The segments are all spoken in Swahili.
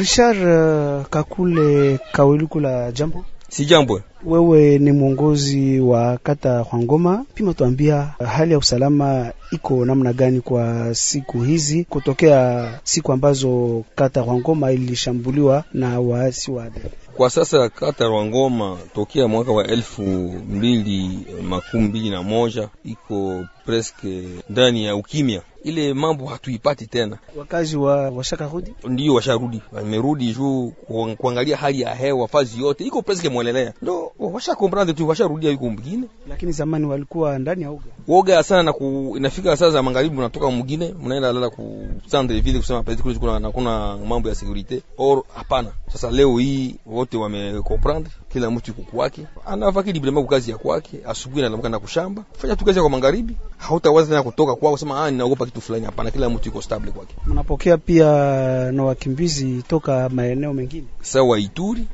Richard uh, Kakule la jambo. Si jambo. Wewe ni mwongozi wa kata Hwangoma, pima tuambia uh, hali ya usalama iko namna gani kwa siku hizi, kutokea siku ambazo kata Hwangoma ilishambuliwa na waasi wa ADF. Kwa sasa kata Rwangoma tokea mwaka wa elfu mbili makumi mbili na moja iko preske ndani ya ukimya ile mambo hatuipati tena. Wakazi wa washakarudi, ndio washarudi, wamerudi juu kuangalia hali ya hewa, fazi yote iko presque mwelelea, ndo washakombrande tu, washarudia huko mwingine. Lakini zamani walikuwa ndani ya uga oga sana na ku, inafika saa za magharibi, mnatoka mwingine mnaenda lala ku centre ville kusema pale kule kuna kuna mambo ya securite or hapana. Sasa leo hii wote wamekomprendre, kila mtu kuku wake anafakiri bila mambo kazi ya kwake, asubuhi analamka na kushamba, fanya tu kazi kwa magharibi hautawaza tena kutoka kwao kusema ah, ninaogopa kitu fulani. Hapana, kila mtu yuko stable kwake. Mnapokea pia na wakimbizi toka maeneo mengine, sawa Ituri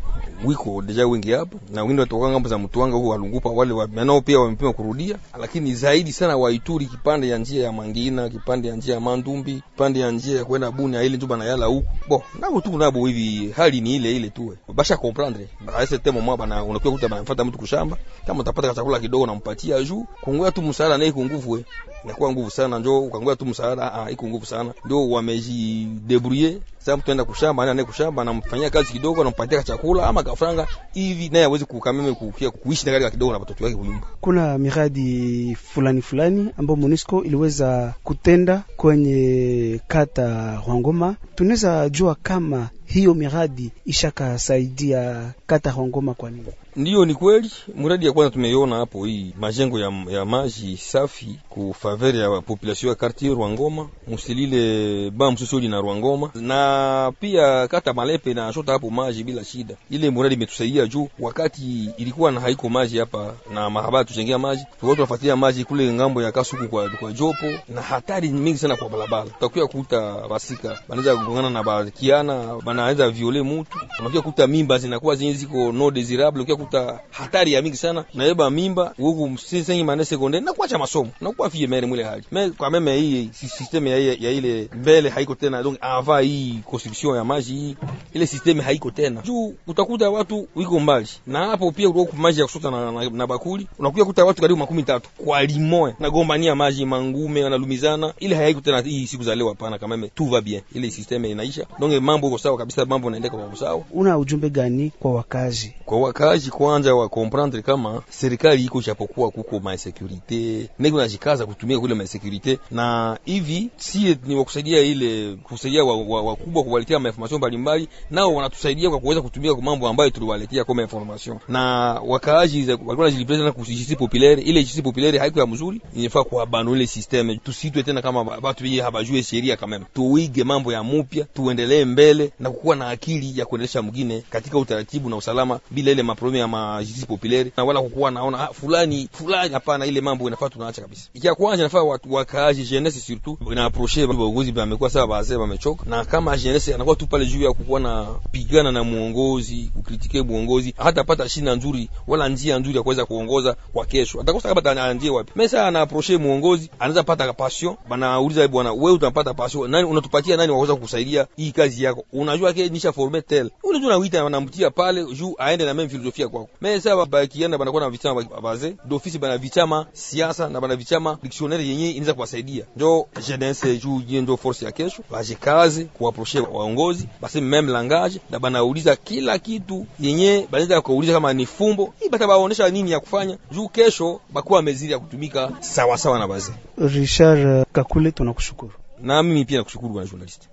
wiko deja wengi hapo, na wengine watoka ngambo za Mtwanga huko Walungupa, wale wanao pia wamepima kurudia, lakini zaidi sana Waituri, kipande ya njia ya Mangina, kipande ya njia ya Mandumbi, kipande ya njia ya kwenda Bunia, ile njumba na yala huko bo nabo tu nabo hivi, hali ni ile ile tu, basha comprendre a ese temo mwa bana, unakuwa kuta banafuata mtu kushamba, kama utapata chakula kidogo nampatia juu kungoya tu msaada naye kunguvu wewe inakuwa nguvu sana, njo ukangoja tu msaada. Ah, ah iko nguvu sana, ndio wamejidebrouiller. Sasa mtu anaenda kushamba, anaenda kushamba, anamfanyia kazi kidogo, anampatia chakula ama kafranga hivi, naye aweze kukameme kukia kuishi na gari kidogo na watoto wake kunyumba. Kuna miradi fulani fulani ambayo Monisco iliweza kutenda kwenye kata Rwangoma, tunaweza jua kama hiyo miradi ishakasaidia kata Hongoma. Kwa nini? Ndiyo, ni kweli mradi ya kwanza tumeiona hapo, hii majengo ya, ya maji safi ku faveur ya population ya quartier Rwangoma musilile ba msusuli na Rwangoma na pia kata Malepe na shota hapo maji bila shida. Ile mradi imetusaidia juu wakati ilikuwa na haiko maji hapa na mahaba tuchengea maji, tulikuwa tunafuatilia maji kule ngambo ya Kasuku kwa, kwa jopo na hatari mingi sana kwa barabara, utakuwa kuta basika banaweza kugongana na barikiana anaweza viole mtu, unakia kuta mimba zinakuwa zenye ziko no desirable, ukia kuta hatari ya mingi sana, naeba mimba huku msisengi mane sekonde na kuacha masomo na kuwa fie mere mwile hali me kwa meme hii systeme ya, ya ile mbele haiko tena, donc ava hii construction ya maji hii ile systeme haiko tena juu, utakuta watu wiko mbali na hapo. Pia uko maji ya kusota na, na, na bakuli, unakuja kuta watu karibu makumi tatu kwa limoe na gombania maji mangume wanalumizana, ile haiko tena hii siku za leo. Hapana, kama meme va bien, ile systeme inaisha, donc mambo yako sawa kabisa mambo naendeka kwa usawa. Una ujumbe gani kwa wakazi? Kwa wakazi kwanza wa comprendre kama serikali iko japokuwa kuko ma security niko jikaza kutumia kule ma security, na hivi si ni wakusaidia ile kusaidia wakubwa wa, wa kuwaletea ma information mbalimbali, nao wanatusaidia kwa kuweza kutumia kwa mambo ambayo tuliwaletea kwa information. Na wakazi walikuwa wanajilipiza na kusisi populaire, ile jisi populaire haiko ya mzuri, inafaa kwa kuabandona ile system. Tusitwe tena kama watu wengi habajue sheria, kama tuige mambo ya mupya, tuendelee mbele na kuwa na akili ya kuendelesha mwingine katika utaratibu na usalama bila ile maprobleme ya majustice populaire, na wala hakukuwa naona ah, fulani fulani. Hapana, ile mambo inafaa tunaacha kabisa. Ya kwanza inafaa watu wakaaji jeunesse surtout ina approche viongozi wamekuwa sawa, baadhi wamechoka, na kama jeunesse anakuwa tu pale juu ya kukuwa na pigana na muongozi, kukritike muongozi, hata pata shina nzuri wala njia nzuri ya kuweza kuongoza kwa kesho, atakosa kama anjie wapi. Mesa ana approche muongozi, anaweza pata passion, banauliza eh, bwana, wewe utapata passion nani, unatupatia nani waweza kukusaidia hii kazi yako, unajua wake nisha forme tel ule tu nawita wanamtia pale juu aende na meme filosofia kwako. Mais sasa bakienda banakuwa na vichama baze d'office, bana vichama siasa na bana vichama dictionnaire yenyewe inaweza kuwasaidia. Ndio jeunesse juu yenyewe ndo force ya kesho, baje kazi kuaproche waongozi basi meme langage na banauliza kila kitu yenyewe banaweza kuuliza kama ni fumbo hii, bata baonesha nini ya kufanya juu kesho bakuwa mezili ya kutumika sawa sawa na baze. Richard Kakule, tunakushukuru. Na mimi pia nakushukuru bwana journalist.